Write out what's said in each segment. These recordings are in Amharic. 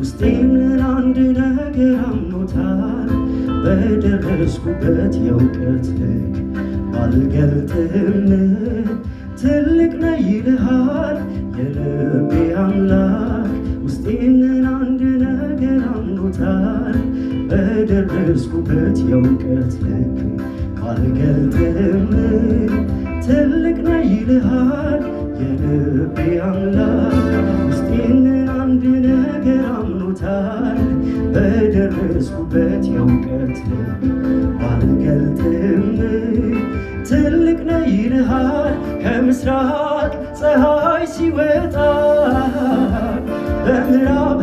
ውስጤምን አንድ ነገር አምኖታል በደረስኩበት የእውቀት ልክ ባልገልጥም ትልቅ ነህ ይልሃል የልቤ አምላክ ውስጤምን አንድ ነገር አምኖታል በደረስኩበት የእውቀት ልክ ባልገልጥም ትልቅ ነህ ይልሃል የልቤ አምላክ ውስጤምን አንድ ነገር አምኖታል በደረስኩበት የእውቀት ባልገልጥም ትልቅ ነህ ይልሃል ከምስራቅ ፀሐይ ሲወጣ በምዕራብ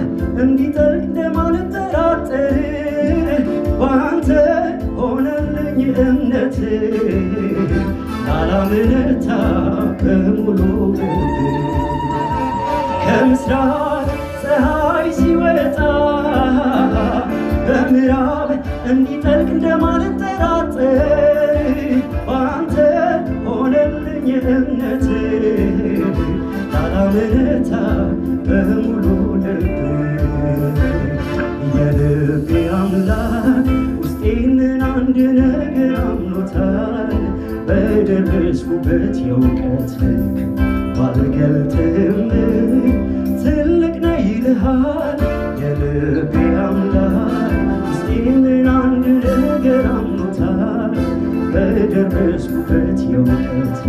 እንዲጠልቅ ደም አልጠራጠርም በአንተ ሆነልኝ እምነት ላላምንታ በሙሉ ከምስራቅ ሲወጣ በምዕራብ እንዲጠልቅ እንደማልጠራጠር በአንተ ሆነልኝ እምነት ታላመነታ በሙሉ ልብ የልቤ አምላክ ውስጤንን አንድ ነገር አምኖታል በደረስኩበት የእውቀት ልክ ባልገልጥም ትልቅ ነህ ልቤ አምላክ ምስጢርን አንድ ነገር አምኖታል በደረስኩበት የእውቀት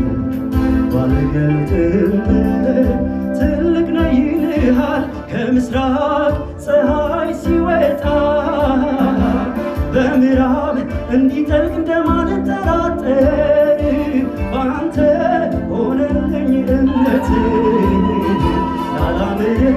ባልገልጥም ትልቅ ነህ ይልሃል ከምስራቅ ፀሐይ ሲወጣ በምዕራብ እንዲጠልቅ እንደማልጠራጠር በአንተ ሆነልኝ እምነት ላላምንህ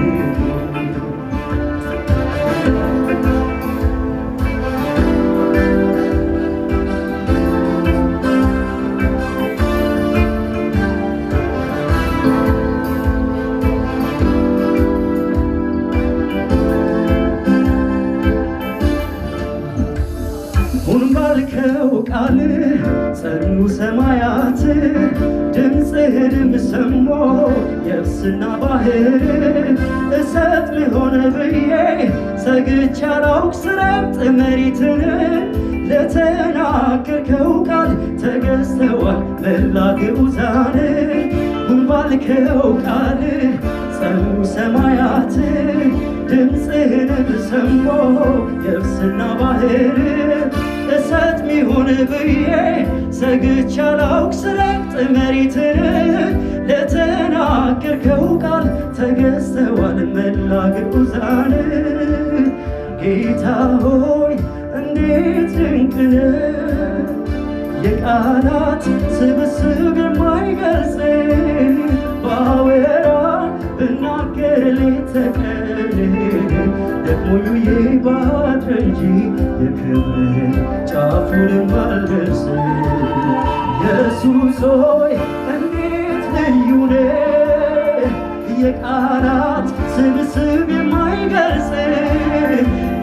ጸኑ ሰማያት ድምፅህንም ሰሞ የብስና ባህር እሰጥ ልሆነ ብዬ ሰግቼ አላውቅ ስረግጥ መሬትን ለተናገርከው ቃል ተገዝተዋል መላ ግዑዛን ባልከው ቃል ጸኑ ሰማያት ድምፅህንም ሰሞ የብስና ባህር ልሰጥ ሚሆን ብዬ ሰግቼ አላውቅ ስረግጥ መሬትን ለተናገርከው ቃል ተገዝተዋል መላ ግዑዛን። ጌታ ሆይ እንዴት ድንቅ ነህ የቃላት ስብስብ ሁሉንም አልደርስ ኢየሱስ ሆይ እንዴት ልዩ ነህ የቃላት ስብስብ የማይገልጽ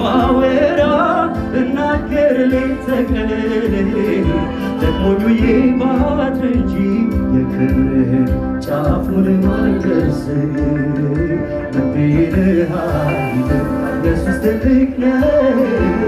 ባወራ እናገር ሌት ተቀን ደግሞ ዱዬ ባድር እንጂ የክብርህን ጫፉንም አልደርስ ልቤን ኢየሱስ ትልቅ ነህ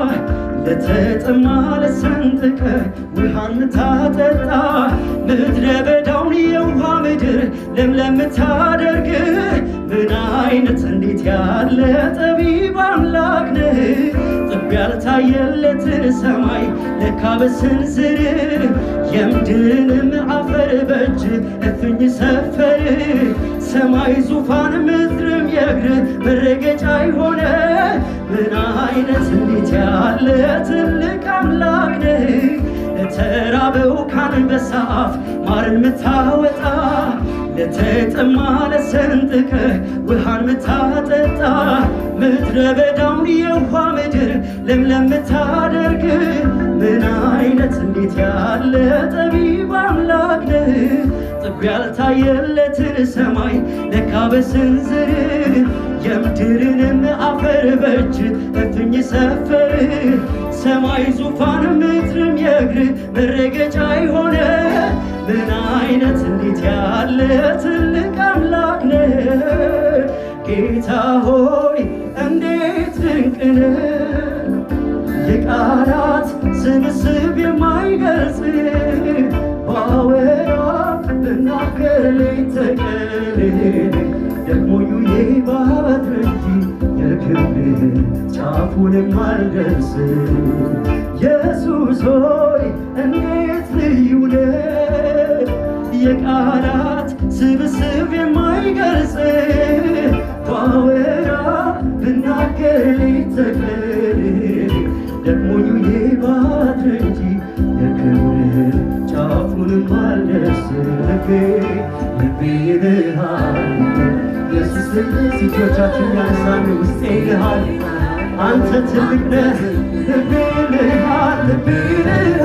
በተጠማ ለሰንጥቀ ውሃን ምታጠጣ ምድረ በዳውን የውሃ ምድር ለምለም ምታደርግ ምን አይነት እንዴት ያለ ጠቢብ አምላክ ነህ። ጥብ ያልታየለት ሰማይ ለካ በስንዝር የምድርንም አፈር በእጅ እፍኝ ሰፈር ሰማይ ዙፋን ምድርም የእግር መረገጫ ይሆነ ምን አይነት እንዴት ያለ ትልቅ አምላክ ነህ! ለተራበው ካንበሳ አፍ ማርን ምታወጣ ለተጠማ ለሰንጥቀ ውሃን ምታጠጣ ምድረ በዳውን የውሃ ምድር ለምለም ምታደርግ ምን አይነት እንዴት ያለ ጠቢ ልብ ያልታየለትን ሰማይ ለካ በስንዝር የምድርንም አፈር በእጅ እፍኝ ሰፈር ሰማይ ዙፋን ምድርም የእግር መረገጫ የሆነ ምን አይነት እንዴት ያለ ትልቅ አምላክ ነህ ጌታ ሆይ አባት እንጂ የክብር ጫፉን የማልደርስ ኢየሱስ ሆይ እንዴት ልዩ የቃላት ስብስብ የማይገልጽ ባወራ ብናገር ሊተክል ደግሞኙ የባት እንጂ የክብር ጫፉን የማልደርስ ልቤ ልቤ ይልሃል ስለዚህ እጆቻችን ያነሳሉ ውስጤ ይልሃል አንተ ትልቅ ነህ ልቤ ልልሃል ልቤ ልልሃል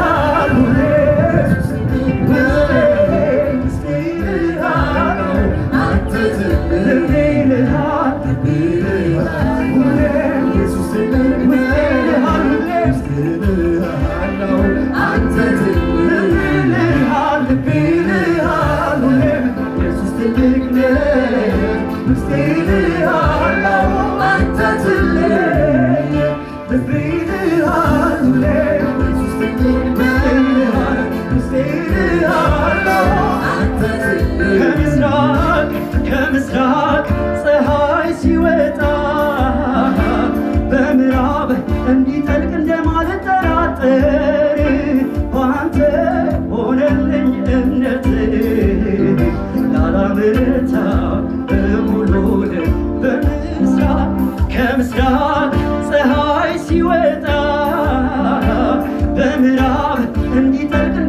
你的。